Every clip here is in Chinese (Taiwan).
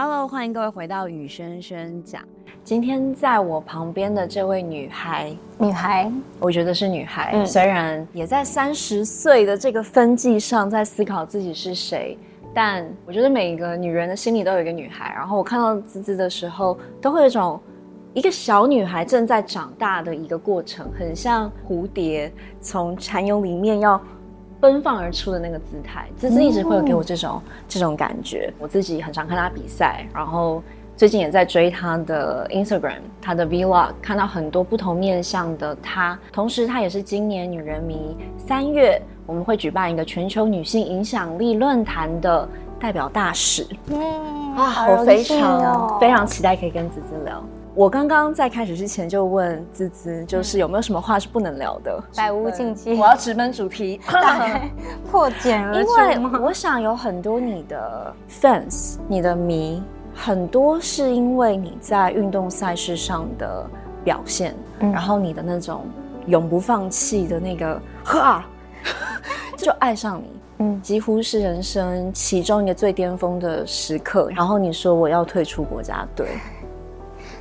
Hello，歡迎各位回到與軒軒講。今天在我旁邊的這位女孩，女孩，我覺得是女孩。嗯，雖然也在三十歲的這個分際上，在思考自己是誰，但我覺得每一個女人的心裡都有一個女孩。然後我看到姿姿的時候，都會有一種一個小女孩正在長大的一個過程，很像蝴蝶從蟬蛹裡面要。奔放而出的那個姿態，姿姿一直會有給我這種、嗯、這種感覺。我自己很常看她比賽，然後最近也在追她的 Instagram，她的 Vlog，看到很多不同面向的她。同時，她也是今年女人迷三月我們會舉辦一個全球女性影響力論壇的代表大使。嗯，啊，我非常、哦、非常期待可以跟姿姿聊。我剛剛在開始之前就問姿姿，就是有沒有什麼話是不能聊的？百無禁忌。我要直奔主題，破繭而出。因為我想有很多你的 fans，你的迷，很多是因為你在運動賽事上的表現，然後你的那種永不放棄的那個，啊、就愛上你。嗯，幾乎是人生其中一個最巔峰的時刻。然後你說我要退出國家隊。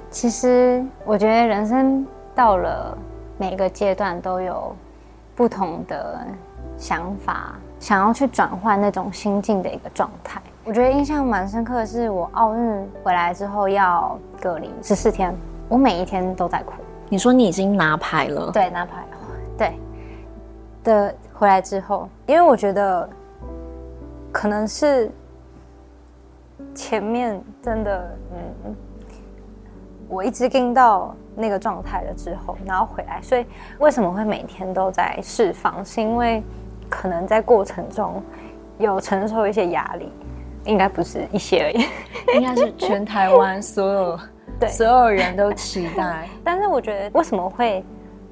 其實我覺得人生到了每個階段都有不同的想法，想要去轉換那種心境的一個狀態。我覺得印象蠻深刻的是，我奧運回來之後要隔離十四天，我每一天都在哭。你說你已經拿牌了？對，拿牌，對的。回來之後，因為我覺得可能是前面真的，嗯。我一直跟到那個狀態了之後，然後回來，所以為什麼會每天都在釋放？是因為可能在過程中有承受一些壓力，應該不是一些而已，應該是全台灣所有 對，所有人都期待。 但是我覺得為什麼會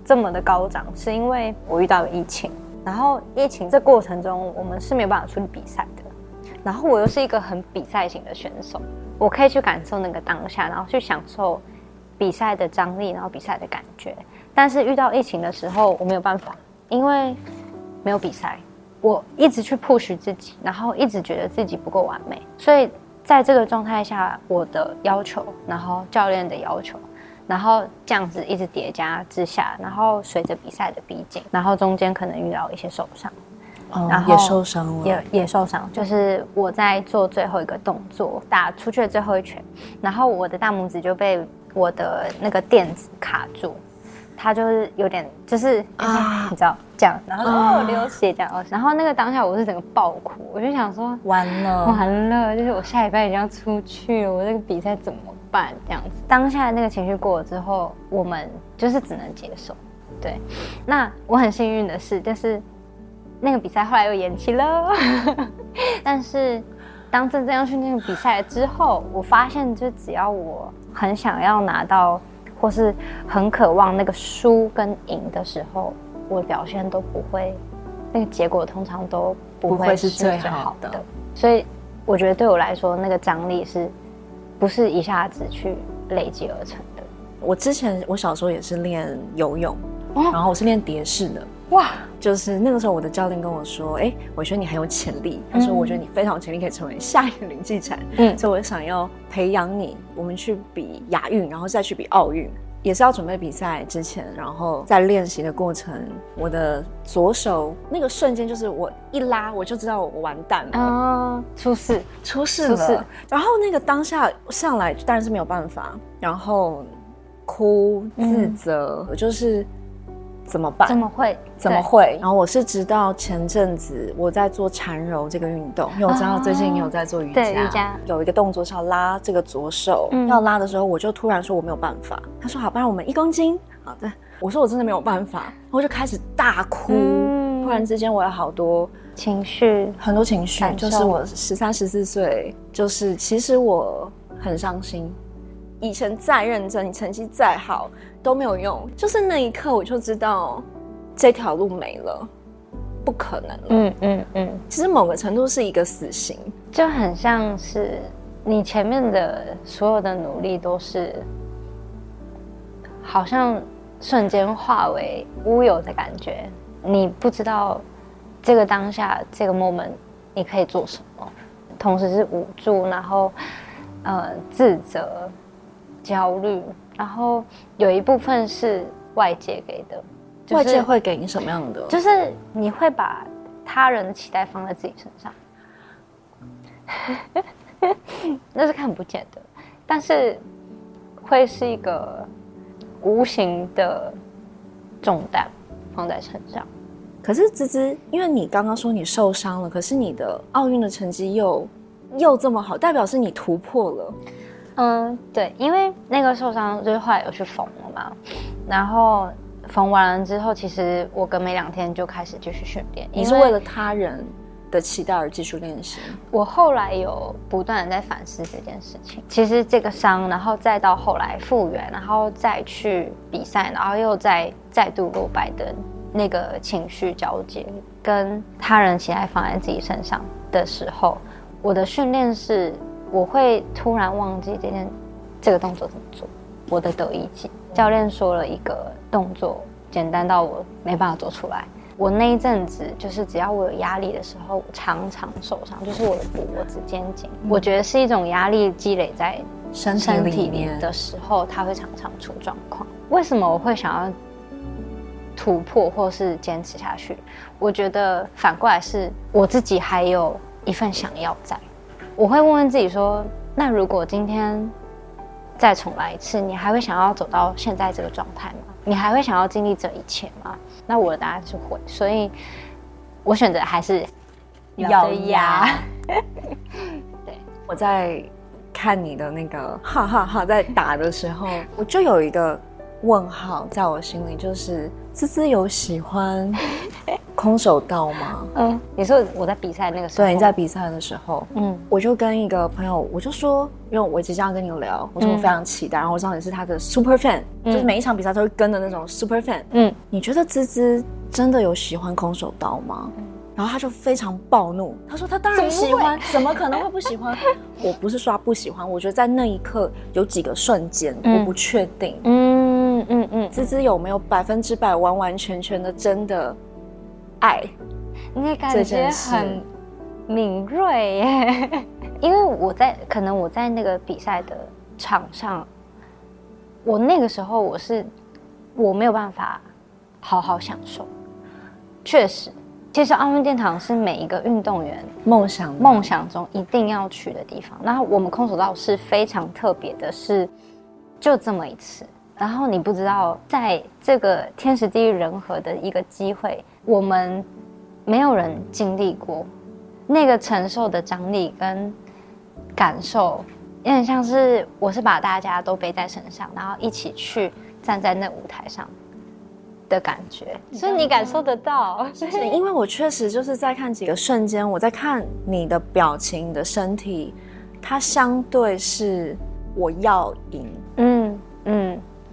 這麼的高漲，是因為我遇到了疫情，然後疫情這過程中我們是沒有辦法出去比賽的。然後我又是一個很比賽型的選手，我可以去感受那個當下，然後去享受比賽的張力，然後比賽的感覺。但是遇到疫情的時候，我沒有辦法，因為沒有比賽，我一直去 push 自己，然後一直覺得自己不夠完美。所以在這個狀態下，我的要求，然後教練的要求，然後這樣子一直疊加之下，然後隨着比賽的逼近，然後中間可能遇到一些受傷。然後也，也受傷了，也也受傷，就是我在做最後一個動作，打出去的最後一拳，然後我的大拇指就被我的那個墊子卡住，他就是有點，就是、啊嗯、你知道這樣，然後我流血這樣、啊，然後那個當下我是整個爆哭，我就想說完了完了，就是我下禮拜已經要出去了，我這個比賽怎麼辦這樣子？當下的那個情緒過了之後，我們就是只能接受，對。那我很幸運的是，就是。那個比賽後來又延期了， 但是當真正要去那個比賽之後，我發現，就只要我很想要拿到，或是很渴望那個輸跟贏的時候，我表現都不會，那個結果通常都不會是最好的。好的，所以我覺得對我來說，那個張力是不是一下子去累積而成的。我之前我小時候也是練游泳，哦，然後我是練蝶式的。哇，就是那個時候，我的教練跟我說：“哎、欸，我覺得你很有潛力。嗯”他說：“我覺得你非常有潛力，可以成為下一個林繼承，嗯，所以我想要培養你，我們去比亞運，然後再去比奧運，也是要準備比賽之前，然後在練習的過程，我的左手那個瞬間就是我一拉，我就知道我完蛋了，哦、出事啊，出事，出事了。然後那個當下上來，當然是沒有辦法，然後哭、自責，嗯、我就是。怎麼辦？怎麼會？怎麼會？然後我是直到前陣子我在做禪柔這個運動，因為我知道最近有在做瑜伽，對瑜伽有一個動作是要拉這個左手、嗯，要拉的時候我就突然說我沒有辦法、嗯。他說，好，不然我們一公斤，好的。我說我真的沒有辦法，我就開始大哭。嗯、突然之間我有好多情緒，很多情緒，就是我十三十四歲，就是其實我很傷心。以前再認真，你成績再好。都沒有用，就是那一刻我就知道這條路沒了，不可能了。嗯嗯嗯。其實某個程度是一個死刑，就很像是你前面的所有的努力都是好像瞬間化為烏有的感覺。你不知道這個當下這個 moment 你可以做什麼，同時是無助，然後呃自責、焦慮，然後有一部分是外界給的，就是，外界會給你什麼樣的？就是你會把他人的期待放在自己身上， 那是看不見的，但是會是一個無形的重擔放在身上。可是姿姿，因為你剛剛說你受傷了，可是你的奧運的成績又又這麼好，代表是你突破了。嗯，對，因為那個受傷就是後來有去縫了嘛，然後縫完了之後，其實我隔沒兩天就開始繼續訓練。你是為了他人的期待而繼續練習？我後來有不斷地在反思這件事情。其實這個傷，然後再到後來復原，然後再去比賽，然後又再再度落敗的那個情緒交集，跟他人期待放在自己身上的時候，我的訓練是。我會突然忘記今天這個動作怎麼做。我的得意技，教練說了一個動作，簡單到我沒辦法做出來。我那一陣子就是，只要我有壓力的時候，常常受傷，就是我的脖子、肩頸、嗯，我覺得是一種壓力積累在身體裡面的時候，它會常常出狀況。為什麼我會想要突破或是堅持下去？我覺得反過來是我自己還有一份想要在。我會問問自己說：“那如果今天再重來一次，你還會想要走到現在這個狀態嗎？你還會想要經歷這一切嗎？”那我的答案是會，所以我選擇還是咬牙。咬牙 對，我在看你的那個哈哈哈，在打的時候， 我就有一個問號在我心裡，就是姿姿有喜歡空手道嗎？嗯，你說我在比賽那個時候，對你在比賽的時候，嗯，我就跟一個朋友，我就說，因為我即將要跟你聊，我說我非常期待，嗯、然後我知道你是他的 super fan，、嗯、就是每一場比賽都會跟的那種 super fan。嗯，你覺得姿姿真的有喜歡空手道嗎、嗯？然後他就非常暴怒，他說他當然喜歡，怎麼，怎麼可能會不喜歡？ 我不是說他不喜歡，我覺得在那一刻有幾個瞬間，嗯、我不確定。嗯嗯嗯，姿、嗯、姿有沒有百分之百完完全全的真的？愛，你感覺很敏銳耶。 因為我在，可能我在那個比賽的場上，我那個時候我是我沒有辦法好好享受。確實，其實奧運殿堂是每一個運動員夢想夢想中一定要去的地方。然後我們空手道是非常特別的是，是就這麼一次。然後你不知道，在這個天時地利人和的一個機會，我們沒有人經歷過那個承受的張力跟感受，有點像是我是把大家都背在身上，然後一起去站在那舞台上的感覺。所以你感受得到，是，是因為我確實就是在看幾個瞬間，我在看你的表情、你的身體，它相對是我要贏。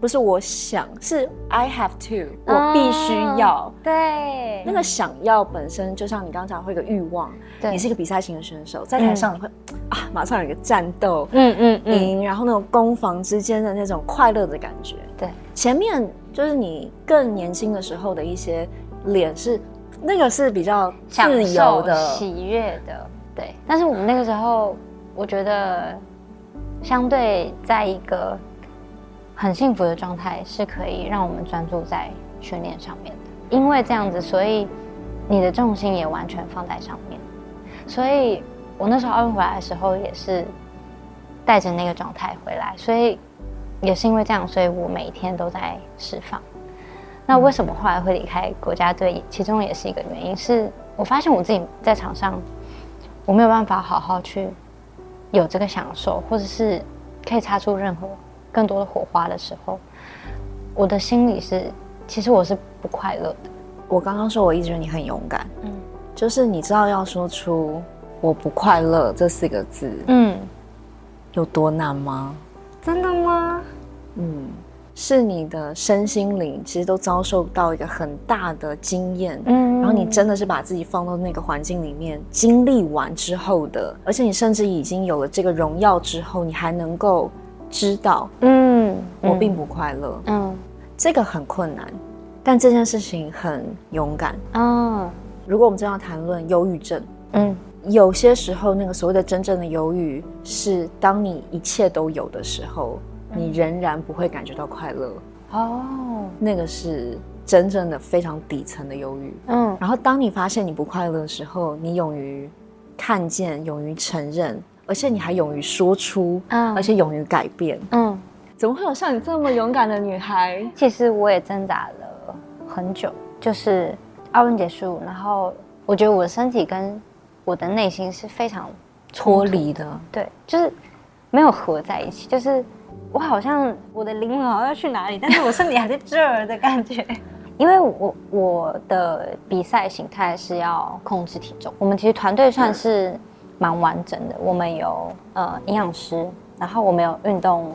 不是我想，是 I have to，oh, 我必須要。對，那個想要本身就像你剛才會有個慾望對，你是一個比賽型的選手，在台上你會、mm. 啊，馬上有一個戰鬥，嗯嗯，贏，然後那種攻防之間的那種快樂的感覺。對，前面就是你更年輕的時候的一些臉是那個是比較自由的、喜悅的，對。但是我們那個時候，我覺得相對在一個。很幸福的狀態是可以讓我們專注在訓練上面的，因為這樣子，所以你的重心也完全放在上面。所以我那時候奧運回來的時候也是帶着那個狀態回來，所以也是因為這樣，所以我每一天都在釋放。那為什麼後來會離開國家隊？其中也是一個原因，是我發現我自己在場上我沒有辦法好好去有這個享受，或者是可以擦出任何。更多的火花的時候，我的心裡是，其實我是不快樂的。我剛剛說我一直覺得你很勇敢，嗯，就是你知道要說出“我不快樂”這四個字，嗯，有多難嗎？真的嗎？嗯，是你的身心靈其實都遭受到一個很大的經驗，嗯，然後你真的是把自己放到那個環境裡面經歷完之後的，而且你甚至已經有了這個榮耀之後，你還能夠。知道嗯，嗯，我並不快樂，嗯，嗯，這個很困難，但這件事情很勇敢，嗯，哦，如果我們正要談論憂鬱症，嗯，有些時候那個所謂的真正的憂鬱，是當你一切都有的時候，你仍然不會感覺到快樂，哦，嗯，那個是真正的非常底層的憂鬱，嗯。然後當你發現你不快樂的時候，你勇於看見，勇於承認。而且你還勇於說出，嗯，而且勇於改變，嗯，怎麼會有像你這麼勇敢的女孩？其實我也掙扎了很久，就是奧運結束，然後我覺得我的身體跟我的內心是非常脫離的，的，對，就是沒有合在一起，就是我好像我的靈魂好像要去哪裡，但是我身體還在這兒的感覺。 因為我我的比賽形態是要控制體重，我們其實團隊算是、嗯。蠻完整的，我們有呃營養師，然後我們有運動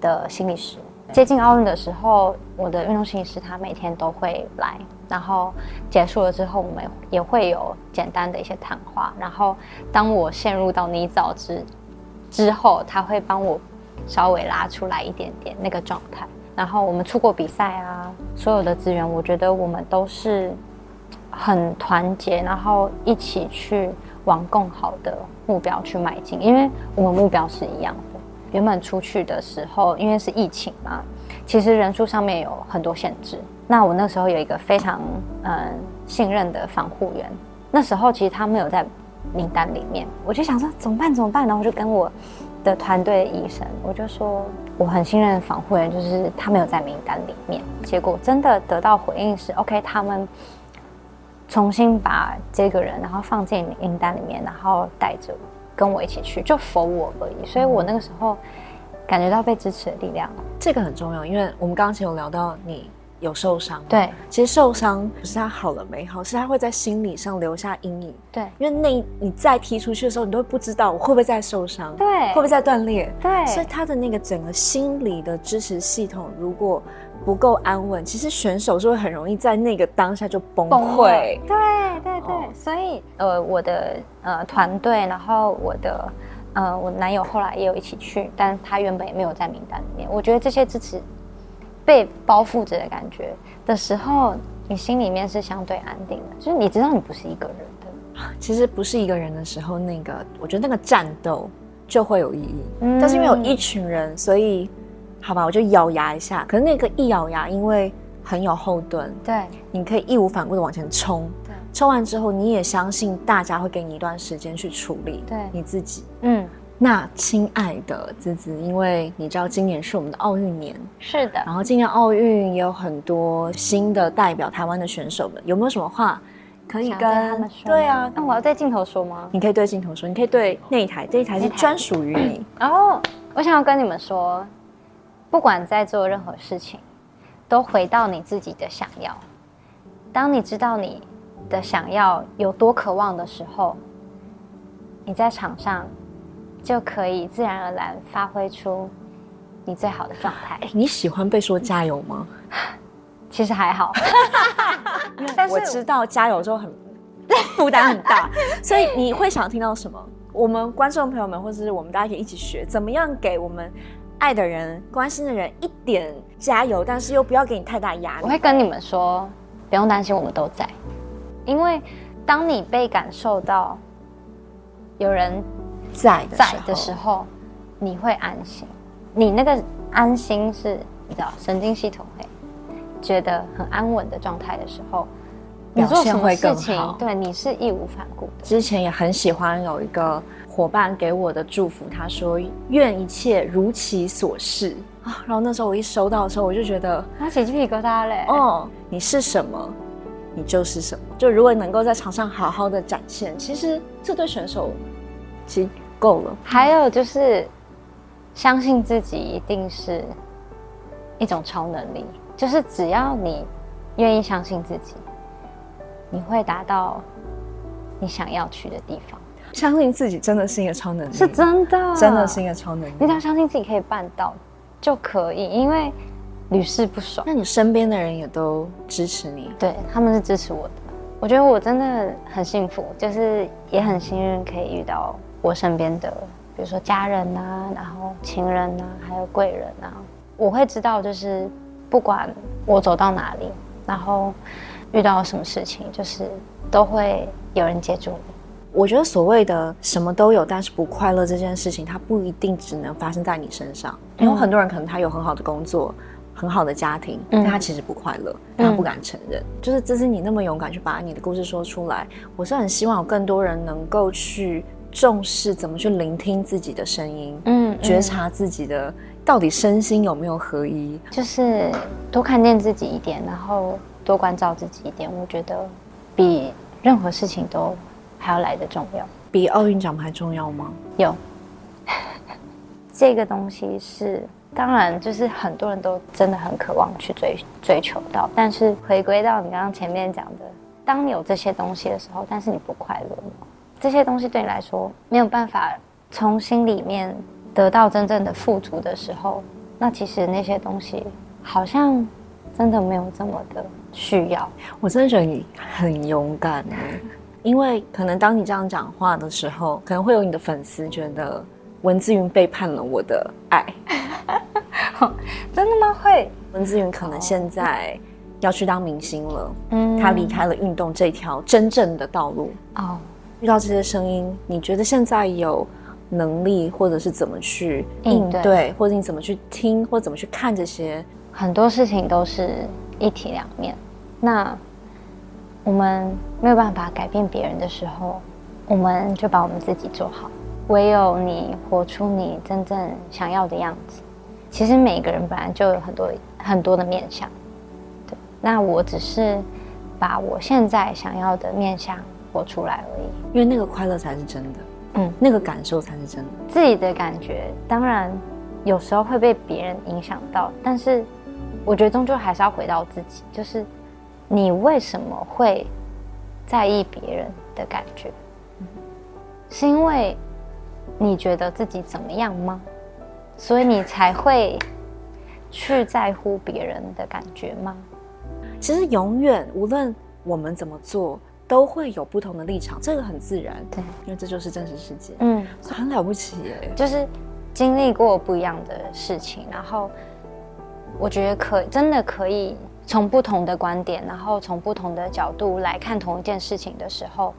的心理師。接近奧運的時候，我的運動心理師他每天都會來，然後結束了之後，我們也會有簡單的一些談話。然後當我陷入到泥沼之之後，他會幫我稍微拉出來一點點那個狀態。然後我們出過比賽啊，所有的資源，我覺得我們都是很團結，然後一起去。往更好的目標去邁進，因為我們目標是一樣的。原本出去的時候，因為是疫情嘛，其實人數上面有很多限制。那我那時候有一個非常嗯信任的防護員，那時候其實他沒有在名單裡面，我就想說怎麼辦怎麼辦？然後就跟我的團隊醫生，我就說我很信任的防護員，就是他沒有在名單裡面。結果真的得到回應是 OK，他們。重新把這個人，然後放進名單裡面，然後帶着跟我一起去，就否我而已。所以我那個時候感覺到被支持的力量，嗯、這個很重要。因為我們剛才有聊到你。有受傷，對，其實受傷不是他好了沒好，是他會在心理上留下陰影，對，因為那你再踢出去的時候，你都會不知道我會不會再受傷，對，會不會再斷裂，對，所以他的那個整個心理的支持系統如果不夠安穩，其實選手是會很容易在那個當下就崩潰，崩潰，對對對，哦，所以呃我的呃團隊，然後我的呃我男友後來也有一起去，但他原本也沒有在名單裡面，我覺得這些支持。被包覆着的感覺的時候，你心裡面是相對安定的，就是你知道你不是一個人。啊，其實不是一個人的時候，那個我覺得那個戰鬥就會有意義。嗯。但是因為有一群人，所以好吧，我就咬牙一下。可是那個一咬牙，因為很有後盾，對，你可以義無反顧的往前衝。對，衝完之後，你也相信大家會給你一段時間去處理。對，你自己，嗯。那親愛的姿姿，因為你知道今年是我們的奧運年，是的。然後今年奧運也有很多新的代表台灣的選手們，有沒有什麼話可以跟他們說？對啊，那我要對鏡頭說嗎？你可以對鏡頭說，你可以對那一台，這一台是專屬於你。然後我想要跟你們說，不管在做任何事情，都回到你自己的想要。當你知道你的想要有多渴望的時候，你在場上，就可以自然而然發揮出你最好的狀態。你喜歡被說加油嗎？ 其實還好， 因為我知道加油就很負擔很大， 所以你會想聽到什麼？我們觀眾朋友們，或者是我們大家可以一起學，怎麼樣給我們愛的人、關心的人一點加油，但是又不要給你太大壓力？我會跟你們說，不用擔心，我們都在。因為當你被感受到有人、嗯。在的在的時候，你會安心。你那個安心是，你知道，神經系統會覺得很安穩的狀態的時候，你做什麼事情，對你是義無反顧的。之前也很喜歡有一個夥伴給我的祝福，他說：“願一切如其所是。”啊，然後那時候我一收到的時候，我就覺得，起、嗯、雞皮疙瘩嘞。哦、嗯，你是什麼，你就是什麼。就如果能夠在場上好好的展現，其實這對選手，其實。夠了，還有就是，相信自己一定是一種超能力。就是只要你願意相信自己，你會達到你想要去的地方。相信自己真的是一個超能力，是真的，真的是一個超能力。你只要相信自己可以辦到，就可以，因為屢試不爽。那你身邊的人也都支持你？對，他們是支持我的。我覺得我真的很幸福，就是也很幸運可以遇到。我身邊的，比如說家人啊，然後情人啊，還有貴人啊，我會知道，就是不管我走到哪裡，然後遇到什麼事情，就是都會有人接住我。我覺得所謂的什麼都有，但是不快樂這件事情，它不一定只能發生在你身上。因為很多人可能他有很好的工作，很好的家庭，但他其實不快樂，他不敢承認。就是支持你那麼勇敢去把你的故事說出來。我是很希望有更多人能夠去。重視怎麼去聆聽自己的聲音，嗯，嗯，覺察自己的到底身心有沒有合一，就是多看見自己一點，然後多關照自己一點。我覺得比任何事情都還要來得重要。比奧運獎牌重要嗎？有。 這個東西是當然，就是很多人都真的很渴望去追追求到。但是回歸到你剛剛前面講的，當你有這些東西的時候，但是你不快樂嗎？這些東西對你來說沒有辦法從心裡面得到真正的富足的時候，那其實那些東西好像真的沒有這麼的需要。我真的覺得你很勇敢， 因為可能當你這樣講話的時候，可能會有你的粉絲覺得文姿云背叛了我的愛、 哦。真的嗎？會？文姿云可能現在要去當明星了，嗯，他離開了運動這條真正的道路 哦。遇到這些聲音，你覺得現在有能力，或者是怎麼去應對,應對，或者你怎麼去聽，或者怎麼去看這些？很多事情都是一體兩面。那我們沒有辦法改變別人的時候，我們就把我們自己做好。唯有你活出你真正想要的樣子。其實每個人本來就有很多很多的面向。對，那我只是把我現在想要的面向。活出來而已，因為那個快樂才是真的，嗯，那個感受才是真的。自己的感覺當然有時候會被別人影響到，但是我覺得終究還是要回到自己，就是你為什麼會在意別人的感覺？嗯，是因為你覺得自己怎麼樣嗎？所以你才會去在乎別人的感覺嗎？其實永遠，無論我們怎麼做。都會有不同的立場，這個很自然，對，因為這就是真實世界。嗯，很了不起耶，就是經歷過不一樣的事情，然後我覺得可以真的可以從不同的觀點，然後從不同的角度來看同一件事情的時候，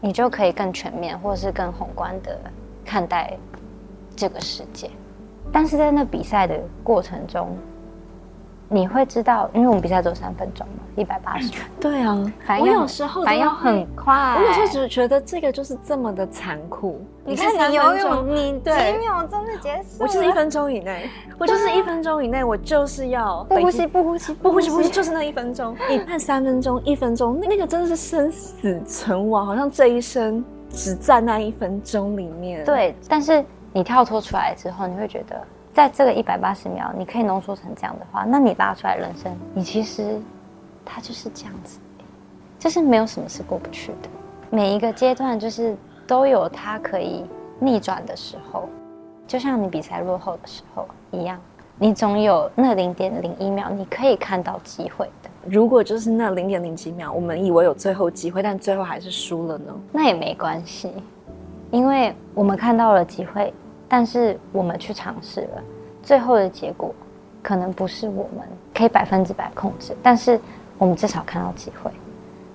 你就可以更全面或是更宏觀的看待這個世界。但是在那比賽的過程中。你會知道，因為我們比賽只有三分鐘嘛，一百八十圈。對啊，反應反應很快。我有時候只是覺得這個就是這麼的殘酷。你看你游泳，你幾秒鐘就結束了。我就是一分鐘以內，我就是一分鐘以內，啊、我就是要不呼吸，不呼吸，不呼吸，不呼吸， 就是那一分鐘。你 看三分鐘，一分鐘，那個真的是生死存亡，好像這一生只在那一分鐘裡面。對，但是你跳脫出來之後，你會覺得。在這個一百八十秒，你可以濃縮成這樣的話，那你拉出來人生，你其實，它就是這樣子，欸，就是沒有什麼是過不去的，每一個階段就是都有它可以逆轉的時候，就像你比賽落後的時候一樣，你總有那零點零一秒你可以看到機會的。如果就是那零點零幾秒，我們以為有最後機會，但最後還是輸了呢？那也沒關係，因為我們看到了機會。但是我們去嘗試了，最後的結果可能不是我們可以百分之百控制，但是我們至少看到機會，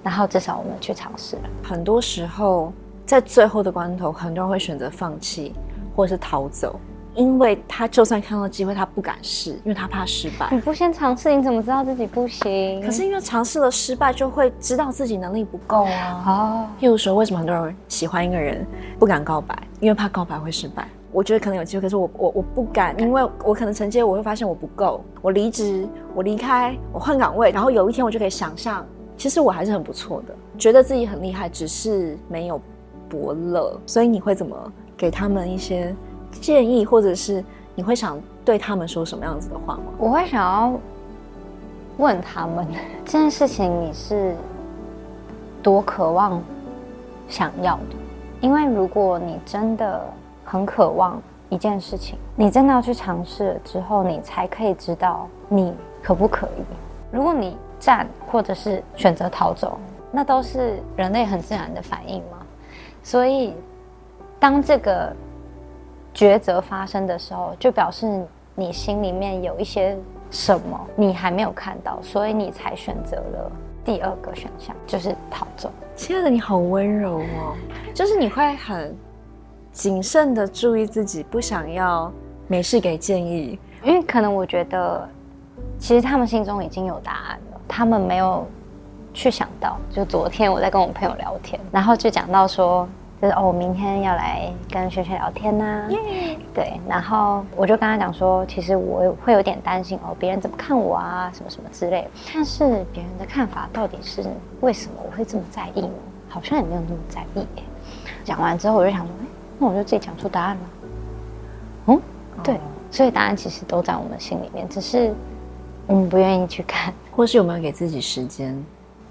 然後至少我們去嘗試了。很多時候在最後的關頭，很多人會選擇放棄或是逃走，因為他就算看到機會，他不敢試，因為他怕失敗。你不先嘗試，你怎麼知道自己不行？可是因為嘗試了失敗，就會知道自己能力不夠啊。哦。譬如說，為什麼很多人喜歡一個人不敢告白，因為怕告白會失敗。我覺得可能有機會，可是我我我不敢，因為我可能承接，我會發現我不夠，我離職，我離開，我換崗位，然後有一天我就可以想象，其實我還是很不錯的，覺得自己很厲害，只是沒有伯樂。所以你會怎麼給他們一些建議，或者是你會想對他們說什麼樣子的話嗎？我會想要問他們，這件事情你是多渴望想要的，因為如果你真的。很渴望一件事情，你真的要去嘗試了之後，你才可以知道你可不可以。如果你站，或者是選擇逃走，那都是人類很自然的反應嘛。所以，當這個抉擇發生的時候，就表示你心裡面有一些什麼你還沒有看到，所以你才選擇了第二個選項，就是逃走。親愛的，你好溫柔哦，就是你會很。謹慎地注意自己，不想要沒事給建議，因為可能我覺得，其實他們心中已經有答案了，他們沒有去想到。就昨天我在跟我朋友聊天，然後就講到說，就是哦，我明天要來跟軒軒聊天吶、啊。Yeah. 對，然後我就跟他講說，其實我會有點擔心哦，別人怎麼看我啊，什麼什麼之類的。但是別人的看法到底是為什麼我會這麼在意呢？好像也沒有那麼在意、欸。講完之後我就想說。那我就自己講出答案了。嗯，對，所以答案其實都在我們心裡面，只是我們、嗯、不願意去看，或是有沒有給自己時間、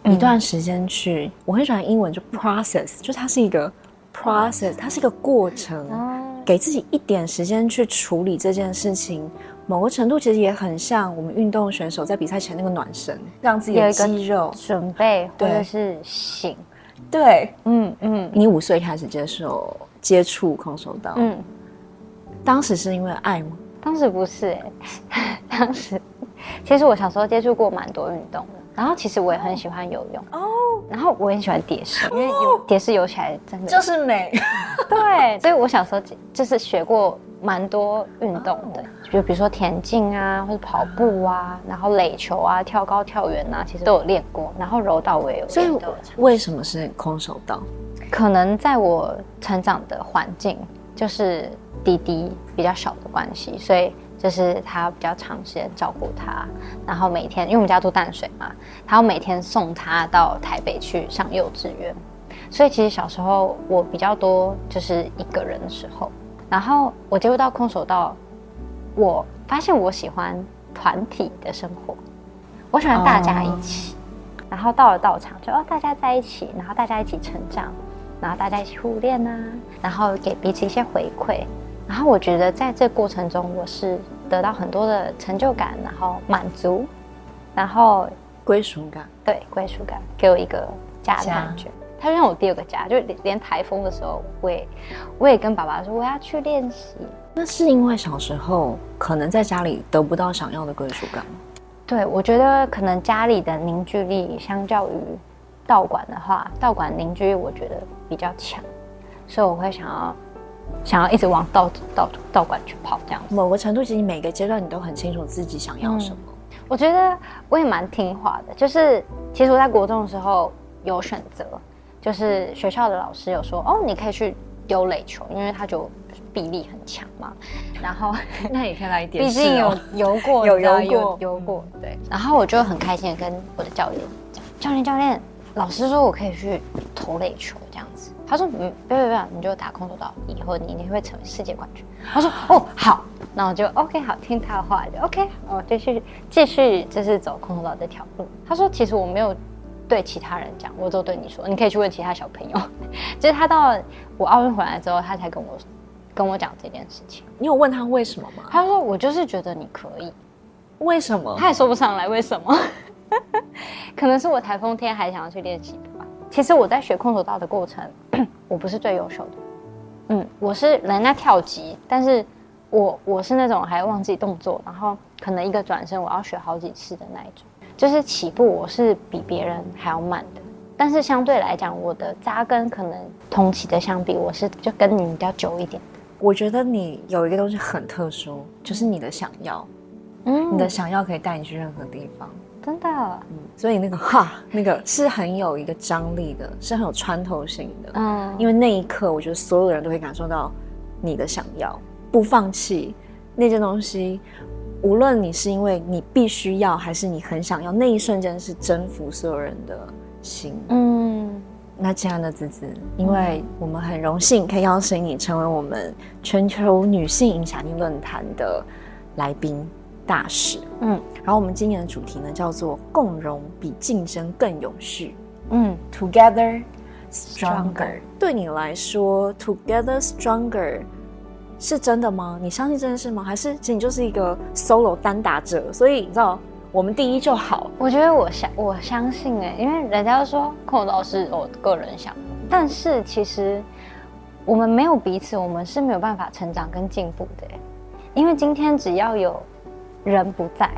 嗯，一段時間去。我很喜歡英文，就 process，就是它是一個 process，它是一個過程。給自己一點時間去處理這件事情、嗯，某個程度其實也很像我們運動選手在比賽前那個暖身，讓自己的肌肉準備或者是醒。對，對，嗯嗯。你五歲開始接受。接觸空手道。嗯，當時是因為愛嗎？當時不是，欸，哎，當時其實我小時候接觸過蠻多運動的，然後其實我也很喜歡游泳哦，然後我也很喜歡蝶式，哦，因為蝶式，哦，游起來真的是就是美。對，所以我小時候就是學過蠻多運動的，哦，就比如說田徑啊，或者跑步啊，然後壘球啊，跳高、跳遠啊，其實都有練過，然後柔道我也有。所以為什麼是空手道？可能在我成長的環境，就是弟弟比較小的關係，所以就是他比較長時間照顧他，然後每天因為我們家住淡水嘛，他要每天送他到台北去上幼稚園，所以其實小時候我比較多就是一個人的時候，然後我接觸到空手道，我發現我喜歡團體的生活，我喜歡大家一起，oh. 然後到了道場就哦，大家在一起，然後大家一起成長。然後大家一起互練啊然後給彼此一些回饋。然後我覺得，在這個過程中，我是得到很多的成就感，然後滿足，然後歸屬感。對，歸屬感，給我一個家的感覺。他就像我第二個家，就連台風的時候我也，我我也跟爸爸說我要去練習。那是因為小時候可能在家裡得不到想要的歸屬感嗎？對，我覺得可能家裡的凝聚力相較於。道館的話，道館凝聚力我覺得比較強，所以我會想要想要一直往道道道館去跑這樣。某個程度其實每個階段你都很清楚自己想要什麼。嗯，我覺得我也蠻聽話的，就是其實我在國中的時候有選擇，就是學校的老師有說哦，你可以去丟壘球，因為他就臂力很強嘛。然後 那也可以來一點，畢竟有游過， 有游過， 有游過，嗯，有游過對。然後我就很開心的跟我的教練講，教練教練。老師說，我可以去投壘球這樣子。他說，嗯，不要不要，你就打空手道，以後你一定會成為世界冠軍。他說，哦，好，那我就 OK，好，聽他的話，就 OK，我繼續繼續就是走空手道這條路。他說，其實我沒有對其他人講，我都對你說，你可以去問其他小朋友。 就是他到我奧運回來之後，他才跟我跟我講這件事情。你有問他為什麼嗎？他說，我就是覺得你可以。為什麼？他也說不上來為什麼。 可能是我台風天還想要去練起步吧。其實我在學空手道的過程， 我不是最優秀的。嗯，我是人家跳級，但是我我是那種還忘記動作，然後可能一個轉身我要學好幾次的那一種。就是起步我是比別人還要慢的，但是相對來講，我的扎根可能同期的相比，我是就跟你比較久一點的。我覺得你有一個東西很特殊，就是你的想要，嗯，你的想要可以帶你去任何地方。真的，嗯，所以那個哈，那個是很有一個張力的、嗯，是很有穿透性的，嗯，因為那一刻，我覺得所有人都會感受到你的想要，不放棄那件東西，無論你是因為你必須要，還是你很想要，那一瞬間是征服所有人的心，嗯，那親愛的姿姿，因為我們很榮幸可以邀請你成為我們全球女性影響力論壇的來賓。大使，嗯，然後我們今天的主題呢叫做“共榮比競爭更永續”，嗯，Together Stronger，, Stronger 對你來說，Together Stronger 是真的嗎？你相信這件事嗎？還是其實你就是一個 Solo 單打者？所以你知道，我們第一就好。我覺得我相我相信哎、欸，因為人家都說，孔老師我個人想的，但是其實我們沒有彼此，我們是沒有辦法成長跟進步的、欸，因為今天只要有。人不在，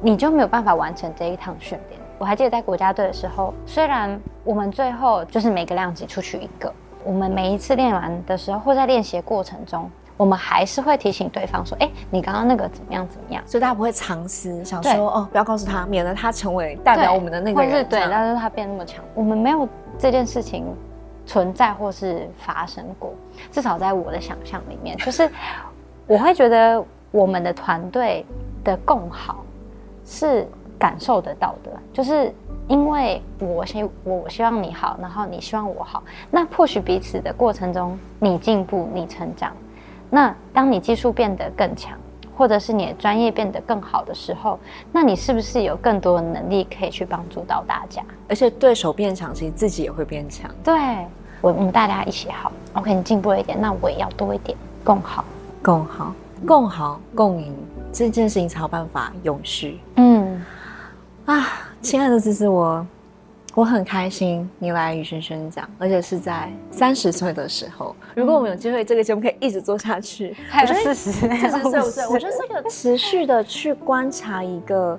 你就沒有辦法完成這一趟訓練。我還記得在國家隊的時候，雖然我們最後就是每個量級出去一個，我們每一次練完的時候，或在練習過程中，我們還是會提醒對方說：“哎、欸，你剛剛那個怎麼樣？怎麼樣？”所以他不會嘗試，想說：“哦，不要告訴他，免得他成為代表我們的那個人。對”或對，但是他變那麼強，我們沒有這件事情存在或是發生過。至少在我的想象裡面，就是我會覺得。我們的團隊的共好是感受得到的，就是因為我希我希望你好，然後你希望我好，那 push 彼此的過程中，你進步，你成長，那當你技術變得更強，或者是你的專業變得更好的時候，那你是不是有更多的能力可以去幫助到大家？而且對手變強，其實自己也會變強。對，我我們大家一起好。OK，你進步了一點，那我也要多一點，共好，共好。共好共贏這件事情才有辦法永續。嗯啊，親愛的姿姿，我我很開心你來與軒軒講，而且是在三十歲的時候。如果我們有機會，這個節目可以一直做下去，還有四十、四十歲、五十歲。我覺得這個持續的去觀察一個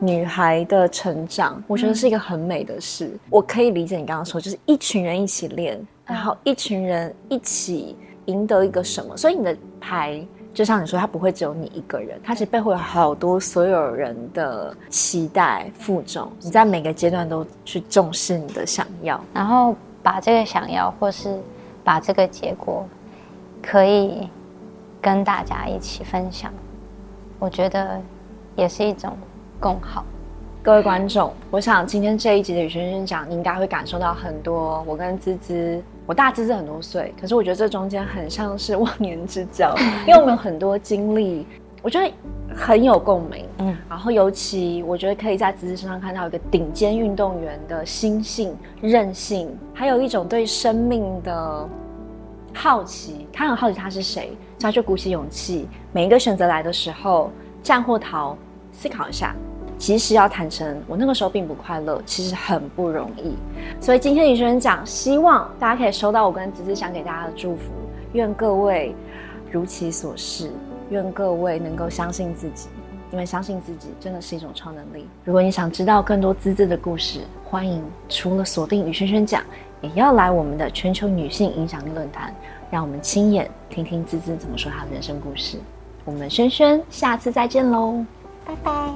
女孩的成長、嗯，我覺得是一個很美的事。我可以理解你剛剛說，就是一群人一起練，嗯、然後一群人一起贏得一個什麼。所以你的牌。就像你說，他不會只有你一個人，他其實背後有好多所有人的期待負重。你在每個階段都去重視你的想要，然後把這個想要或是把這個結果，可以跟大家一起分享，我覺得也是一種共好、嗯。各位觀眾，我想今天這一集的與軒軒講，你應該會感受到很多。我跟姿姿。我大姿姿很多歲，可是我覺得這中間很像是忘年之交，因為我們有很多經歷，我覺得很有共鳴。嗯，然後尤其我覺得可以在姿姿身上看到一個頂尖運動員的心性、韌性，還有一種對生命的好奇。他很好奇他是誰，所以他就鼓起勇氣，每一個選擇來的時候，戰或逃，思考一下。其實要坦誠，我那個時候並不快樂，其實很不容易。所以今天與軒軒講，希望大家可以收到我跟姿姿想給大家的祝福。願各位如其所是，願各位能夠相信自己。因為相信自己，真的是一種超能力。如果你想知道更多姿姿的故事，歡迎除了鎖定與軒軒講，也要來我們的全球女性影響力論壇，讓我們親眼聽聽姿姿怎麼說她的人生故事。我們軒軒下次再見嘍，拜拜。